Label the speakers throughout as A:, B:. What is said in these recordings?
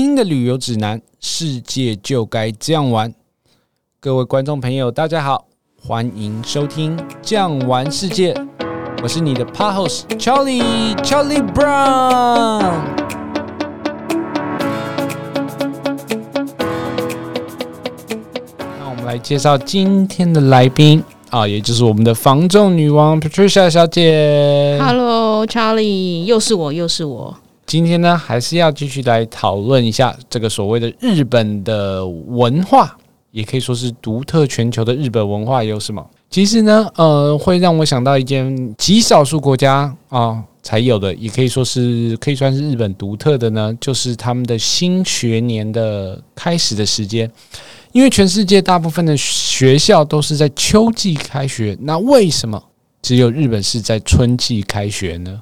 A: 新的旅遊指南，世界就該這樣玩。各位觀眾朋友，大家好，歡迎收聽《醬玩世界》，我是你的 pod host，Charlie Charlie Brown。 那我們來介紹今天的來賓啊，也就是我們的房仲女王 Patricia 小姐。
B: Hello，Charlie，又是我，又是我。
A: 今天呢，還是要繼續來討論一下這個所謂的日本的文化，也可以說是獨步全球的日本文化有什麼？其實呢，呃，會讓我想到一件極少數國家啊、哦、才有的，也可以說是可以算是日本獨特的呢，就是他們的新學年的開始的時間。因為全世界大部分的學校都是在秋季開學，那為什麼只有日本是在春季開學呢？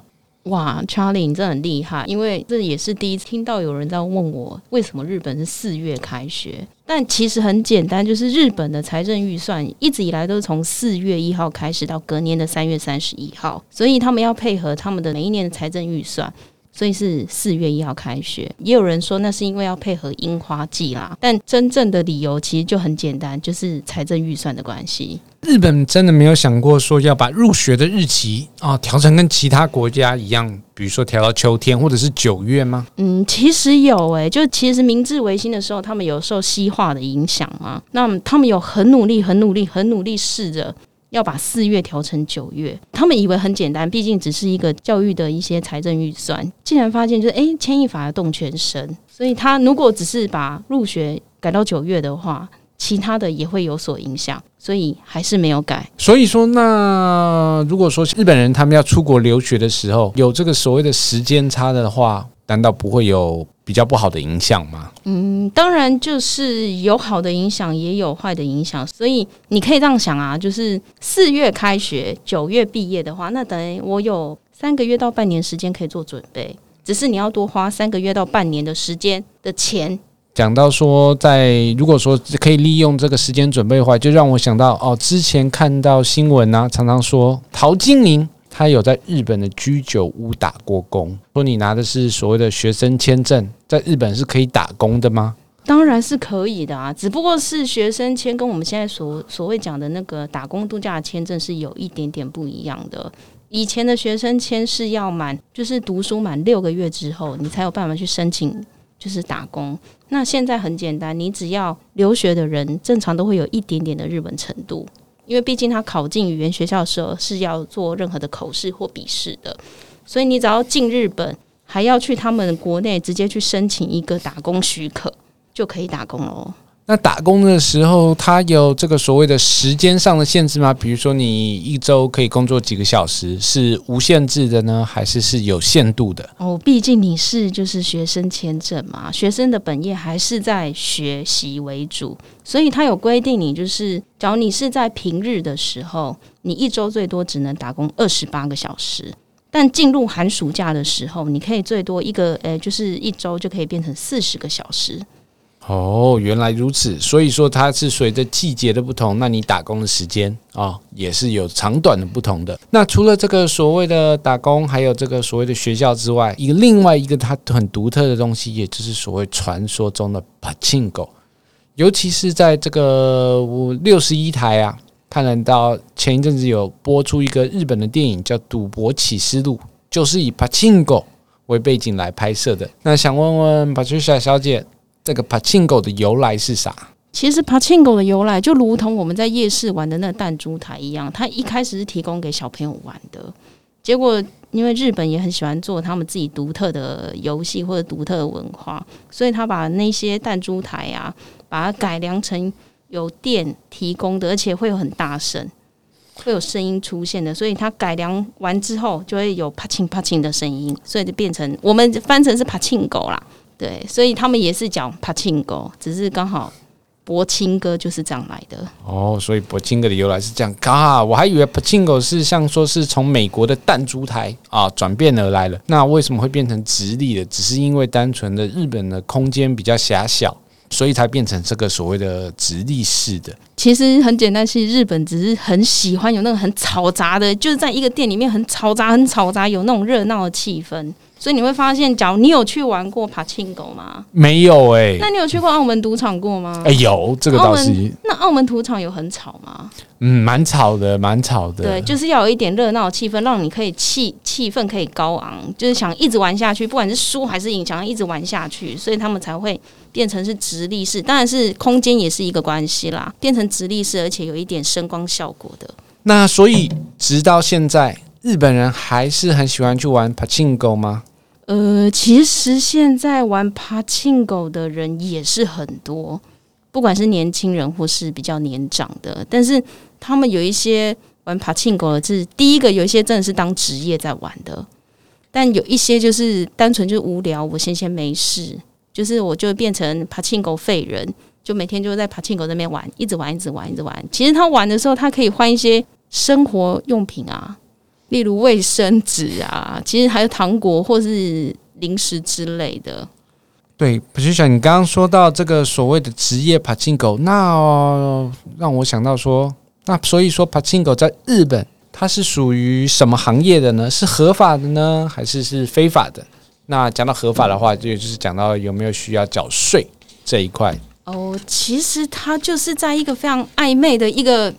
B: 哇，Charlie，你真的很厲害，因為這也是第一次聽到有人在問我為什麼日本是四月開學。但其實很簡單，就是日本的財政預算一直以來都是從四月一號開始到隔年的三月三十一號，所以他們要配合他們的每一年的財政預算。所以是四月一號開學，也有人說那是因為要配合櫻花季啦。但真正的理由其實就很簡單，就是財政預算的關係。
A: 日本真的沒有想過說要把入學的日期啊調成跟其他國家一樣，比如說調到秋天或者是九月嗎？
B: 嗯，其實有誒、欸。就其實明治維新的時候，他們有受西化的影響嘛。那他們有很努力、很努力、很努力試着。要把四月調成九月，他們以為很簡單，畢竟只是一個教育的一些財政預算。竟然發現就是，誒、欸，牽一髮而動全身。所以，他如果只是把入學改到九月的話，其他的也會有所影響。所以還是沒有改。
A: 所以說那，那如果說日本人他們要出國留學的時候有這個所謂的時間差的話，難道不會有比較不好的影響嗎？嗯，
B: 當然就是有好的影響，也有壞的影響。所以你可以這樣想啊，就是四月開學，九月畢業的話，那等於我有三個月到半年時間可以做準備。只是你要多花三個月到半年的時間的錢。
A: 講到說在，在如果說可以利用這個時間準備的話，就讓我想到哦，之前看到新聞啊，常常說陶晶瑩。他有在日本的居酒屋打過工，說你拿的是所謂的學生簽證，在日本是可以打工的嗎？
B: 當然是可以的啊，只不過是學生簽跟我們現在所所謂講的那個打工度假簽證是有一點點不一樣的。以前的學生簽是要滿，就是讀書滿六個月之後，你才有辦法去申請就是打工。那現在很簡單，你只要留學的人，正常都會有一點點的日文程度。因為畢竟他考進語言學校的時候是要做任何的口試或筆試的，所以你只要進日本，還要去他們國內直接去申請一個打工許可，就可以打工了。
A: 那打工的時候，他有這個所謂的時間上的限制嗎？比如說，你一周可以工作幾個小時，是無限制的呢，還是是有限度的？
B: 哦，畢竟你是就是學生簽證嘛，學生的本業還是在學習為主。所以它有規定，你就是，假如你是在平日的時候，你一周最多只能打工二十八個小時；但進入寒暑假的時候，你可以最多一個，呃、欸，就是一周就可以變成四十個小時。
A: 哦，原來如此。所以說，它是隨着季節的不同，那你打工的時間啊、哦，也是有長短的不同的。那除了這個所謂的打工，還有這個所謂的學校之外，一個另外一個它很獨特的東西，也就是所謂傳說中的柏青哥。.尤其是在這個六十一台啊，看到前一陣子有播出一個日本的電影叫《賭博啟示錄》，就是以 Pachingo 為背景來拍攝的。那想問問 Patricia 小姐，這個 Pachingo 的由來是啥？
B: 其實 Pachingo 的由來就如同我們在夜市玩的那個彈珠台一樣，它一開始是提供給小朋友玩的，結果。因為日本也很喜歡做他們自己獨特的遊戲或者獨特的文化，所以他把那些彈珠台啊，把它改良成有電提供的，而且會有很大聲，會有聲音出現的。所以他改良完之後，就會有啪琴啪琴的聲音，所以就變成我們翻成是柏青哥啦，對，所以他們也是講柏青哥，只是剛好。柏青哥就是這樣來的哦，oh,
A: 所以柏青哥的由來是這樣。嘎、啊，我還以為 Pachinko 是像說是從美國的彈珠台啊轉變而來的。那為什麼會變成直立的？只是因為單純的日本的空間比較狹小，所以才變成這個所謂的直立式的。
B: 其實很簡單，是日本只是很喜歡有那種很嘈雜的，就是在一個店裡面很嘈雜、很嘈雜，有那種熱鬧的氣氛。所以你會發現，假如你有去玩過柏青哥嗎？
A: 沒有哎、欸。那
B: 你有去過澳門賭場過嗎？哎、欸，有這個倒是。澳那澳門賭場有很吵嗎？
A: 嗯，蠻吵的，蠻吵的。對，
B: 就是要有一點熱鬧氣氛，讓你可以氣氣氛可以高昂，就是想一直玩下去，不管是輸還是贏，想要一直玩下去，所以他們才會變成是直立式。當然是空間也是一個關係啦，變成直立式，而且有一點聲光效果的。
A: 那所以直到現在，日本人還是很喜歡去玩柏青哥嗎？
B: 呃，其實現在玩柏青哥的人也是很多，不管是年輕人或是比較年長的，但是他們有一些玩柏青哥的是第一個，有一些真的是當職業在玩的，但有一些就是單純就是無聊，我閒閒沒事，就是我就變成柏青哥廢人，就每天就在柏青哥那邊玩，一直玩一直玩一直玩。其實他玩的時候，他可以換一些生活用品啊。例如衛生紙啊，其實還有糖果或是零食之類的。
A: 對，不是像你剛剛說到這個所謂的職業 Pachinko 那，哦，讓我想到說，那所以說 Pachinko 在日本它是屬於什麼行業的呢？是合法的呢，還是是非法的？那講到合法的話，就就是講到有沒有需要繳稅這一塊
B: 哦。其實它就是在一個非常曖昧的一個。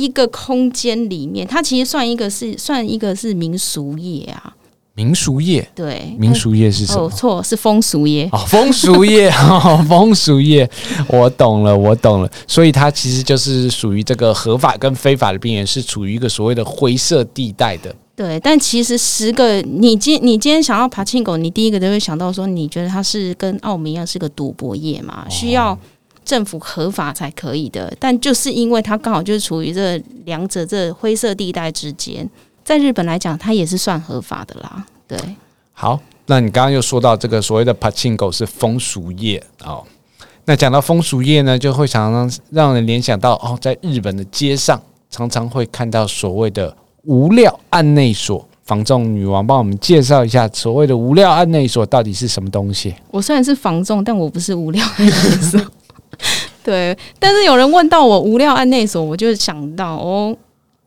B: 一個空間裡面，它其實算一個是算一個是民俗業啊，
A: 民俗業，
B: 對，民俗業是什麼？哦，錯，是風俗業。哦，風俗業
A: 哦，風俗業，我懂了，我懂了。所以它其實就是屬於這個合法跟非法的邊緣，是處於一個所謂的灰色地帶的。
B: 對，但其實十個你今你今天想要柏青哥，你第一個都會想到說，你覺得它是跟澳門一樣是個賭博業嘛？需要。政府合法才可以的，但就是因為它剛好就是處於這兩者這灰色地帶之間，在日本來講，它也是算合法的啦。對，
A: 好，那你剛剛又說到這個所謂的 pachinko 是風俗業哦。那講到風俗業呢，就會常常讓人聯想到哦，在日本的街上常常會看到所謂的無料案內所，房仲女王幫我們介紹一下所謂的無料案內所到底是什麼東西？
B: 我雖然是房仲，但我不是無料案內所。 對，但是有人問到我無料案內所，我就想到哦，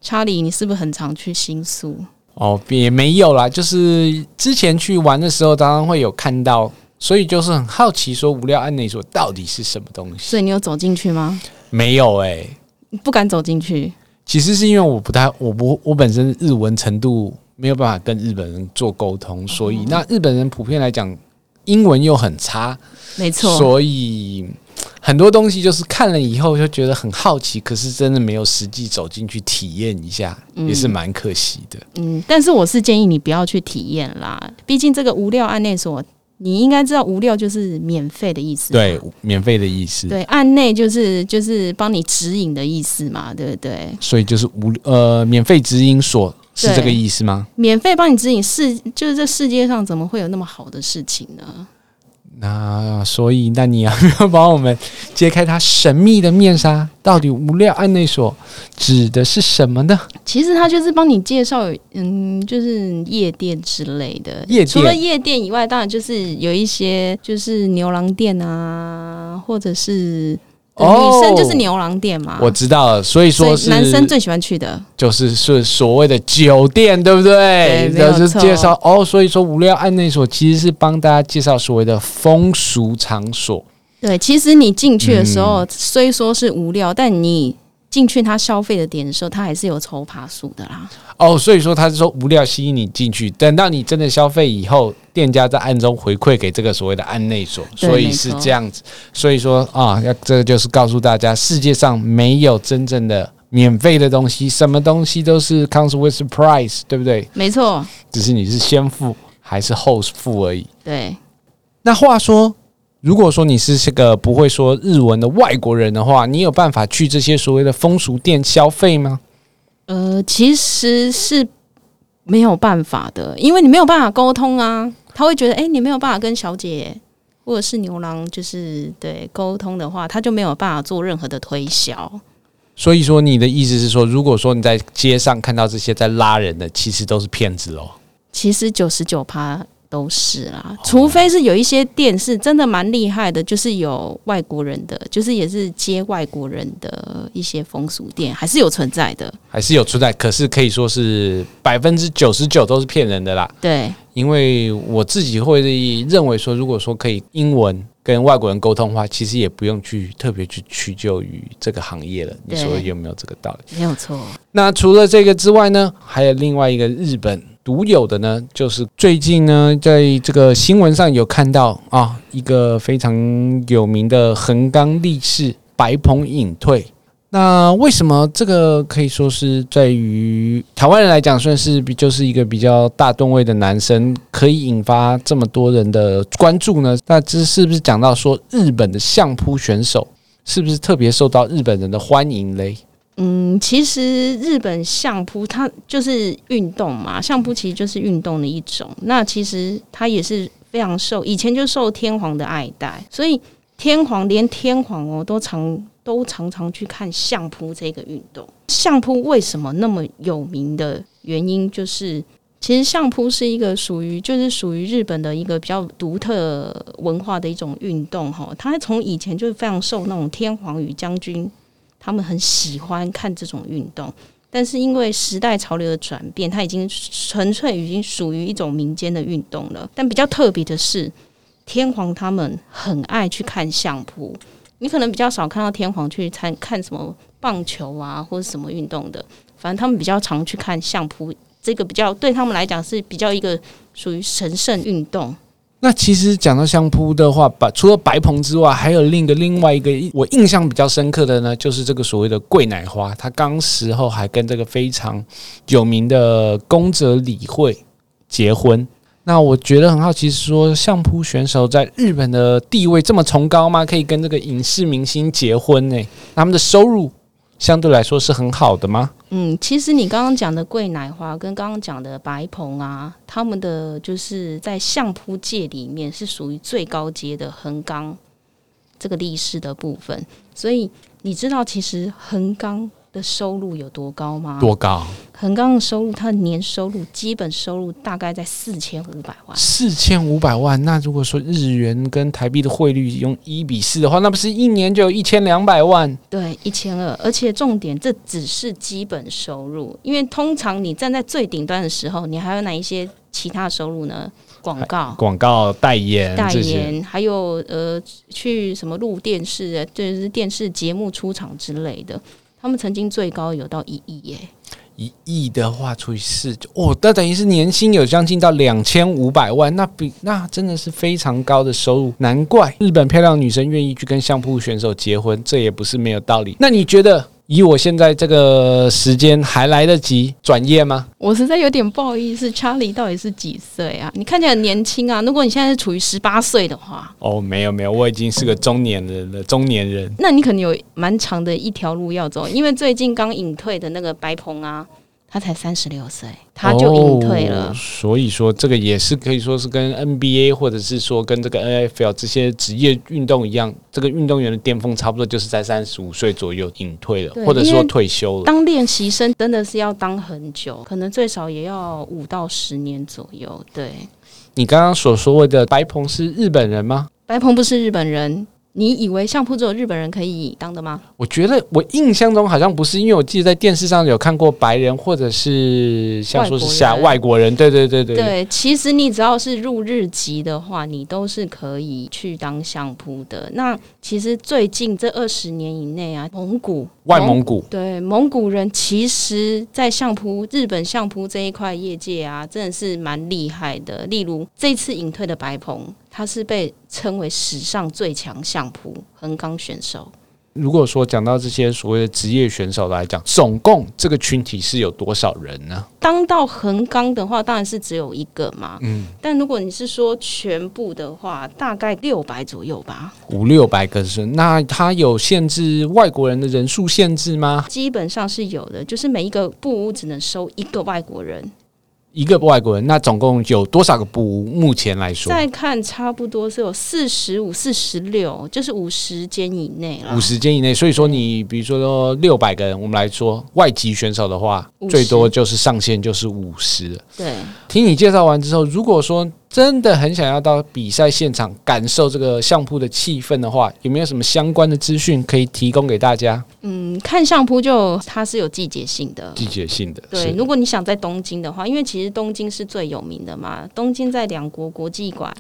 B: 查理，你是不是很常去新宿？
A: 哦，也沒有啦，就是之前去玩的時候，當然會有看到，所以就是很好奇說，說無料案內所到底是什麼東
B: 西？所以你有走進去嗎？
A: 沒有哎、
B: 欸，不敢走進去。
A: 其實是因為我不太，我不，我本身日文程度沒有辦法跟日本人做溝通，所以、哦、那日本人普遍來講英文又很差，
B: 沒錯，所
A: 以。很多東西就是看了以後就覺得很好奇，可是真的沒有實際走進去體驗一下，嗯，也是蠻可惜的。嗯，
B: 但是我是建議你不要去體驗啦，畢竟這個無料案內所，你應該知道“無料”就是免費的，的意思，
A: 對，免費的意思。對，
B: 案內就是就是幫你指引的意思嘛，對不對？
A: 所以就是無呃免費指引所是這個意思嗎？
B: 免費幫你指引世，就是這世界上怎麼會有那麼好的事情呢？
A: 那所以，那你要不要幫我們揭開它神秘的面紗，到底“無料案內所”指的是什麼呢？
B: 其實它就是幫你介紹，嗯，就是夜店之類的。夜店除了夜店以外，當然就是有一些，就是牛郎店啊，或者是。女生就是牛郎店嘛。哦，我
A: 知道了，所以說是男生最喜歡去的，就是是所謂的酒店，對不對？對，就是介紹哦，所以說無料案內所其實是幫大家介紹所謂的風俗場所。
B: 對，其實你進去的時候，嗯、雖說是無料，但你。進去他消費的點的時候，他還是有抽爬數的啦。
A: 哦，oh, 所以說他是說無料吸引你進去，等到你真的消費以後，店家在暗中回饋給這個所謂的案內所，對所以是這樣子。錯所以說啊，要這個就是告訴大家，世界上沒有真正的免費的東西，什麼東西都是 comes with surprise 對不對？
B: 沒錯錯，
A: 只是你是先付還是後付而已。
B: 對，那話說。
A: 如果說你是這個不會說日文的外國人的話，你有辦法去這些所謂的風俗店消費嗎？
B: 呃，其實是沒有辦法的，因為你沒有辦法溝通啊。他會覺得，誒，你沒有辦法跟小姐或者是牛郎，就是對溝通的話，他就沒有辦法做任何的推銷。
A: 所以說，你的意思是說，如果說你在街上看到這些在拉人的，其實都是騙子哦。
B: 其實九十九趴。都是啦，Okay 除非是有一些店是真的蠻厲害的，就是有外國人的，就是也是接外國人的一些風俗店，還是有存在的，
A: 還是有存在。可是可以說是百分之九十九都是騙人的啦。對，因為我自己會認為說，如果說可以英文跟外國人溝通的話，其實也不用去特別去屈就於這個行業了。你說有沒有這個道理？沒有錯。那除了這個之外呢，還有另外一個日本獨有的呢，就是最近呢，在這個新聞上有看到啊，一個非常有名的橫綱力士白鵬隱退。那為什麼這個可以說是在於台灣人來講，算是比就是一個比較大段位的男生，可以引發這麼多人的關注呢？那這是不是講到說日本的相撲選手是不是特別受到日本人的歡迎嘞？
B: 嗯，其實日本相撲它就是運動嘛，相撲其實就是運動的一種。那其實它也是非常受以前就受天皇的愛戴，所以天皇連天皇哦都常都常常去看相撲這個運動。相撲為什麼那麼有名的原因就是，就是其實相撲是一個屬於就是屬於日本的一個比較獨特文化的一種運動哈。它從以前就是非常受那種天皇與將軍。他們很喜歡看這種運動，但是因為時代潮流的轉變，它已經純粹已經屬於一種民間的運動了。但比較特別的是，天皇他們很愛去看相撲。你可能比較少看到天皇去參看什麼棒球啊，或者什麼運動的，反正他們比較常去看相撲，這個比較對他們來講是比較一個屬於神聖運動。
A: 那其實講到相撲的話，把除了白鵬之外，還有另一個另外一個我印象比較深刻的呢，就是這個所謂的貴乃花，他剛時候還跟這個非常有名的宮澤理惠結婚。那我覺得很好奇，是說相撲選手在日本的地位這麼崇高嗎？可以跟這個影視明星結婚？欸，呢？他們的收入相對來說是很好的嗎？
B: 嗯，其實你剛剛講的貴乃花，跟剛剛講的白鵬啊，他們的就是在相撲界裡面是屬於最高階的橫綱這個力士的部分。所以你知道其實橫綱的收入有多高嗎？多高？橫綱的收入，他的年收入基本收入大概在四千五百萬。
A: 四千五百萬，那如果說日元跟台幣的匯率用一比四的話，那不是一年就有一千兩百萬？
B: 對，一千二。而且重點，這只是基本收入，因為通常你站在最頂端的時候，你還有哪一些其他收入呢？廣告、
A: 廣告代言、代言，
B: 還有呃，去什麼錄電視，就是電視節目出場之類的。他們曾經最高有到一億耶。
A: 一億的話除以四就，哦，那等於是年薪有將近到兩千五百萬，那比那真的是非常高的收入，難怪日本漂亮女生願意去跟相撲選手結婚，這也不是沒有道理。那你覺得？以我現在這個時間還來得及轉業嗎？
B: 我實在有點不好意思，查理到底是幾歲啊？你看起來很年輕啊！如果你現在是處於十八歲的話，
A: 哦，沒有沒有，我已經是個中年人了，嗯、中年人。
B: 那你可能有蠻長的一條路要走，因為最近剛隱退的那個白鵬啊。他才三十六歲，他就隱退了。Oh,
A: 所以說，這個也是可以說是跟 NBA 或者是說跟這個 NFL 這些職業運動一樣，這個運動員的巔峰差不多就是在三十五歲左右隱退了，對或者說退休了。當
B: 練習生真的是要當很久，可能最少也要五到十年左右。對，你剛
A: 剛所說的白鵬是日本人嗎？
B: 白鵬不是日本人。你以為相撲只有日本人可以當的嗎？
A: 我覺得我印象中好像不是，因為我記得在電視上有看過白人或者是像說是像外國人，對對對對，對。對，對，對，
B: 其實你只要是入日籍的話，你都是可以去當相撲的。那其實最近這二十年以內啊，蒙古、外蒙古，對蒙古人，其實在相撲日本相撲這一塊業界啊，真的是蠻厲害的。例如這次引退的白鵬。他是被稱為史上最強相撲橫綱選手。
A: 如果說講到這些所謂的職業選手來講，總共這個群體是有多少人呢？
B: 當到橫綱的話，當然是只有一個嘛。嗯，但如果你是說全部的話，大概六百左右吧，
A: 五六百個是。那他有限制外國人的人數限制嗎？
B: 基本上是有的，就是每一個部屋只能收一個外國人。
A: 一個外國人，那總共有多少個部屋？目前來說，再
B: 看差不多是有四十五、四十六，就是五十間以內了。五十
A: 間以內，所以說你比如說六百個人，對我們來說外籍選手的話，最多就是上限就是五十。對，聽你介紹完之後，如果說。真的很想要到比賽現場感受這個相撲的氣氛，的話，有沒有什麼相關的資訊可以提供給大家？
B: 嗯，看相撲就它是有季節性的，季
A: 節性的。對，是如
B: 果你想在東京的話，因為其實東京是最有名的嘛。東京在兩國國際館，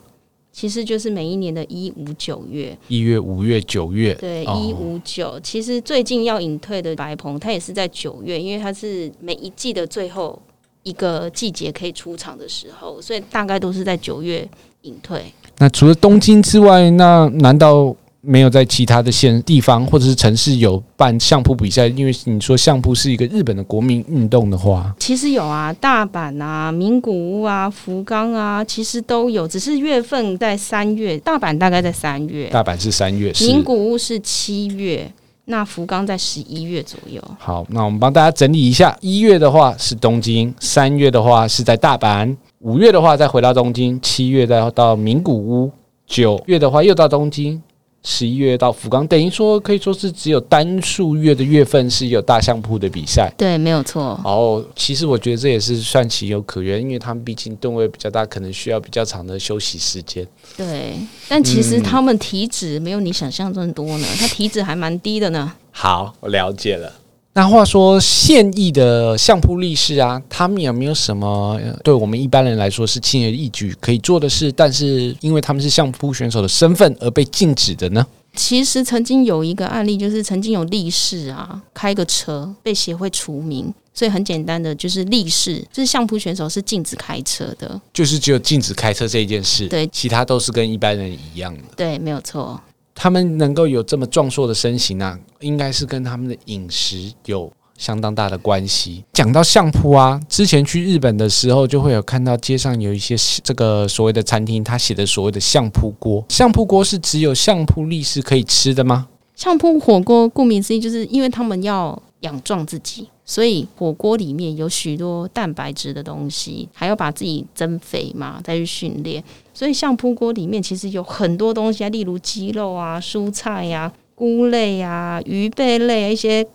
B: 其實就是每一年的一五九月，
A: 一月、五月、九月。對，一五
B: 九。其實最近要隱退的白鵬，他也是在九月，因為他是每一季的最後。一個季節可以出場的時候，所以大概都是在九月隱退。
A: 那除了東京之外，那難道沒有在其他的縣地方或者是城市有辦相撲比賽？因為你說相撲是一個日本的國民運動的話，
B: 其實有啊，大阪啊、名古屋啊、福岡啊，其實都有，只是月份在三月。大阪大概在三月，大
A: 阪是三月是，名古
B: 屋是七月。那福岡在十一月左右。
A: 好，那我們幫大家整理一下：一月的話是東京，三月的話是在大阪，五月的話再回到東京，七月再到名古屋，九月的話又到東京。十一月到福岡，等於說可以說是只有單數月的月份是有大相撲的比賽。
B: 對，沒有錯。
A: 哦。Oh, 其實我覺得這也是算情有可原，因為他們畢竟噸位比較大，可能需要比較長的休息時間。
B: 對，但其實他們體脂沒有你想象中多呢，嗯、他體脂還蠻低的呢。
A: 好，我了解了。那話說，現役的相撲力士啊，他們有沒有什麼對我們一般人來說是輕而易舉可以做的事，但是因為他們是相撲選手的身份而被禁止的呢？
B: 其實曾經有一個案例，就是曾經有力士啊開個車被協會除名，所以很簡單的就是力士就是相撲選手是禁止開車的，
A: 就是只有禁止開車這一件事，對，其他都是跟一般人一樣
B: 的，對，沒有錯。
A: 他們能夠有這麼壯碩的身形啊，應該是跟他們的飲食有相當大的關係。講到相撲啊，之前去日本的時候就會有看到街上有一些這個所謂的餐廳，他寫的所謂的相撲鍋。相撲鍋是只有相撲力士可以吃的嗎？
B: 相撲火鍋，顧名思義，就是因為他們要養壯自己。所以火鍋裡面有許多蛋白質的東西，還要把自己增肥嘛，再去訓練。所以相撲鍋裡面其實有很多東西啊，例如雞肉啊、蔬菜呀、啊、菇類呀、啊、魚貝類啊，一些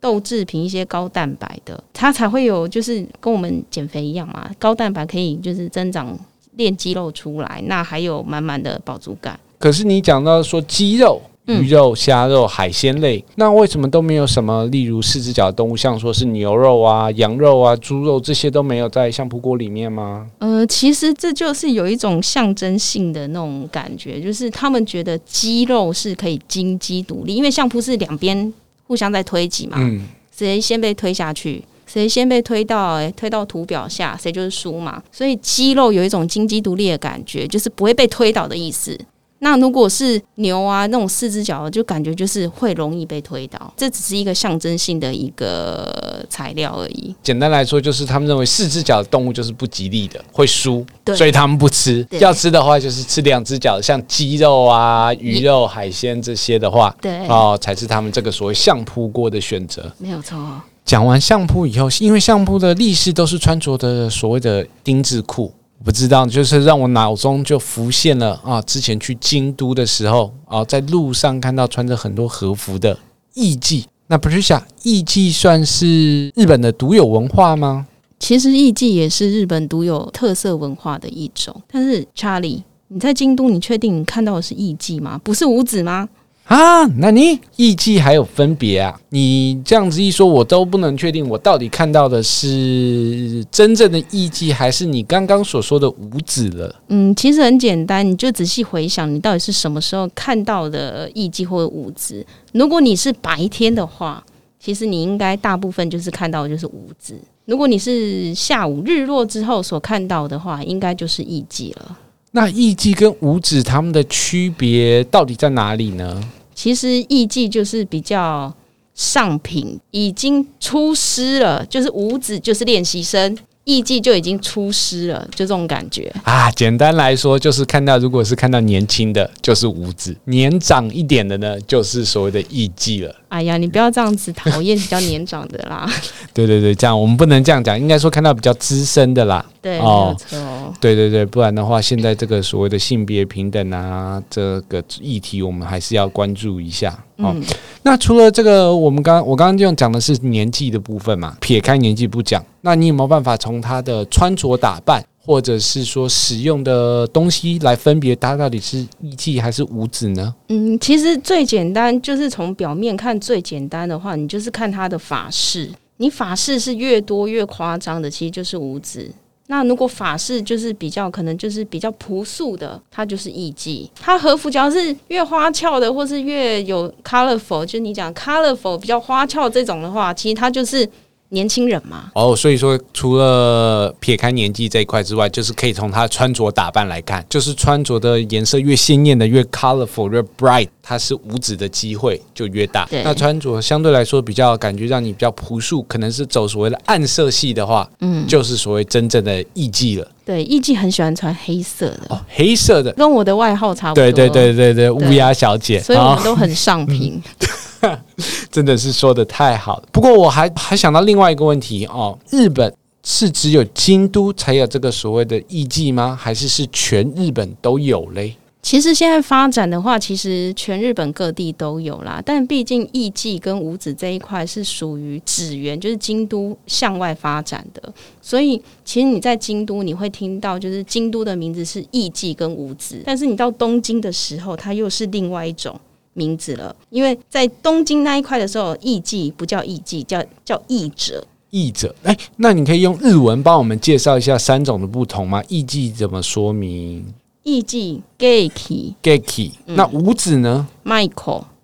B: 豆制品、一些高蛋白的，它才會有，就是跟我們減肥一樣嘛。高蛋白可以就是增長練肌肉出來，那還有滿滿的飽足感。
A: 可是你講到說肌肉。魚肉、蝦肉、海鮮類，那為什麼都沒有什麼？例如四只腳的動物，像說是牛肉啊、羊肉啊、豬肉這些都沒有在相撲鍋裡面嗎？
B: 呃，其實這就是有一種象徵性的那種感覺，就是他們覺得雞肉是可以金雞獨立，因為相撲是兩邊互相在推擠嘛，嗯、誰先被推下去，誰先被推到、欸，推到圖表下，誰就是輸嘛。所以雞肉有一種金雞獨立的感覺，就是不會被推倒的意思。那如果是牛啊，那種四隻腳，就感覺就是會容易被推倒。這只是一個象徵性的一個材料而已。
A: 簡單來說，就是他們認為四隻腳的動物就是不吉利的，會輸，對所以他們不吃。對要吃的話，就是吃兩隻腳，像雞肉啊、魚肉、嗯、海鮮這些的話，對哦、呃，才是他們這個所謂相撲鍋的選擇。沒有錯。講完相撲以後，因為相撲的力士都是穿着的所謂的丁字褲。不知道，就是讓我腦中就浮現了啊！之前去京都的時候啊，在路上看到穿着很多和服的藝伎。那 Patricia，藝伎算是日本的獨有文化嗎？
B: 其實藝伎也是日本獨有特色文化的一種。但是，查理，你在京都，你確定你看到的是藝伎嗎？不是舞妓嗎？
A: 啊，哪尼藝妓還有分別啊？你這樣子一說，我都不能確定，我到底看到的是真正的藝妓，還是你剛剛所說的舞妓了？
B: 嗯，其實很簡單，你就仔細回想，你到底是什麼時候看到的藝妓或者舞妓？如果你是白天的話，其實你應該大部分就是看到的就是舞妓；如果你是下午日落之後所看到的話，應該就是藝妓了。
A: 那藝妓跟舞妓他們的區別到底在哪裡呢？
B: 其實藝妓就是比較上品，已經出師了；就是舞妓就是練習生，藝妓就已經出師了，就這種感覺
A: 啊。簡單來說，就是看到如果是看到年輕的就是舞妓，年長一點的呢，就是所謂的藝妓了。
B: 哎呀，你不要這樣子討厭比較年長的啦。
A: 對對對，這樣我們不能這樣講，應該說看到比較資深的啦。對，沒有錯、哦哦。對對對，不然的話，現在這個所謂的性別平等啊，這個議題我們還是要關注一下哦。嗯、那除了這個我，我們剛我剛剛就講的是年紀的部分嘛，撇開年紀不講，那你有沒有辦法從他的穿着打扮？或者是說使用的東西來分別它，到底是藝妓還是舞妓呢？嗯，
B: 其實最簡單就是從表面看，最簡單的話，你就是看它的髮飾。你髮飾是越多越誇張的，其實就是舞妓。那如果髮飾就是比較可能就是比較樸素的，它就是藝妓。它和服假如是越花俏的，或是越有 colorful 就你講 colorful 比較花俏這種的話，其實它就是。年輕人嘛，
A: 哦，oh, 所以說除了撇開年紀這一塊之外，就是可以從他穿着打扮來看，就是穿着的顏色越鮮豔的，越 colorful 越 bright，它是舞妓的機會就越大。對那穿着相對來說比較感覺讓你比較樸素，可能是走所謂的暗色系的話，嗯，就是所謂真正的藝妓了。
B: 對，藝妓很喜歡穿黑色的，哦，
A: 黑色的跟
B: 我的外號差不多。對對對
A: 對對，烏鴉對小姐，所以我們都很
B: 上品。
A: 真的是說的太好了，
B: 不過我還還
A: 想到另外一個問題哦，日本是只有京都才有這個所謂的藝妓嗎？還是是全日本都有嘞？
B: 其實現在發展的話，其實全日本各地都有啦。但畢竟藝妓跟舞妓這一塊是屬於祇園，就是京都向外發展的，所以其實你在京都你會聽到，就是京都的名字是藝妓跟舞妓，但是你到東京的時候，它又是另外一種。名字了，因為在東京那一塊的時候，藝妓不叫藝妓，叫叫藝者。
A: 藝者，哎、欸，那你可以用日文幫我們介紹一下三種的不同嗎？藝妓怎麼說明？
B: 藝妓 geki，geki。
A: 那舞妓呢
B: ？Michael，Michael。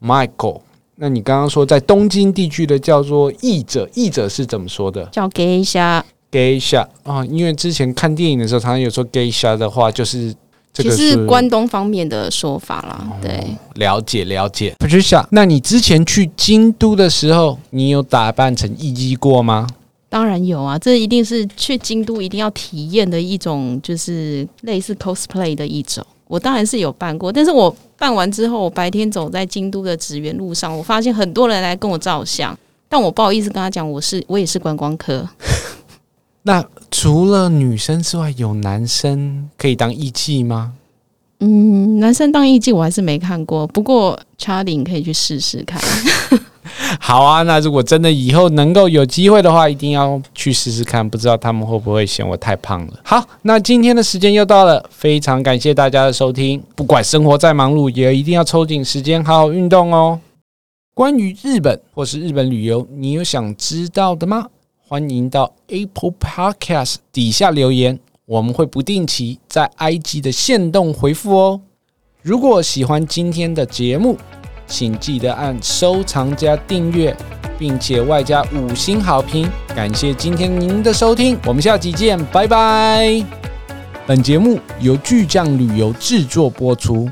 A: Michael Michael, 那你剛剛說在東京地區的叫做藝者，藝者是怎麼說的？
B: 叫 geisha，geisha
A: 啊、哦，因為之前看電影的時候，他常常有說 geisha 的話就是。這是關
B: 東方面的說法啦，對，
A: 了解了解。那你之前去京都的時候，你有打扮成藝妓過嗎？
B: 當然有啊，這一定是去京都一定要體驗的一種，就是類似 cosplay 的一種。我當然是有扮過，但是我扮完之後，我白天走在京都的祇園路上，我發現很多人來跟我照相，但我不好意思跟他講，我是我也是觀光客。
A: 那除了女生之外，有男生可以當藝妓嗎？嗯，
B: 男生當藝妓我還是沒看過，不過 Charlie 你可以去試試看。
A: 好啊，那如果真的以後能夠有機會的話，一定要去試試看。不知道他們會不會嫌我太胖了？好，
B: 那今天的
A: 時間又到了，非常感謝大家的收聽。不管生活再忙碌，也一定要抽緊時間好好運動哦。關於日本或是日本旅遊，你有想知道的嗎？歡迎到 Apple Podcast 底下留言，我們會不定期在 IG 的限動回復哦。如果喜歡今天的節目，請記得按收藏加訂閱，並且外加五星好評。感謝今天您的收聽，我們下期見，拜拜。本節目由巨匠旅遊製作播出。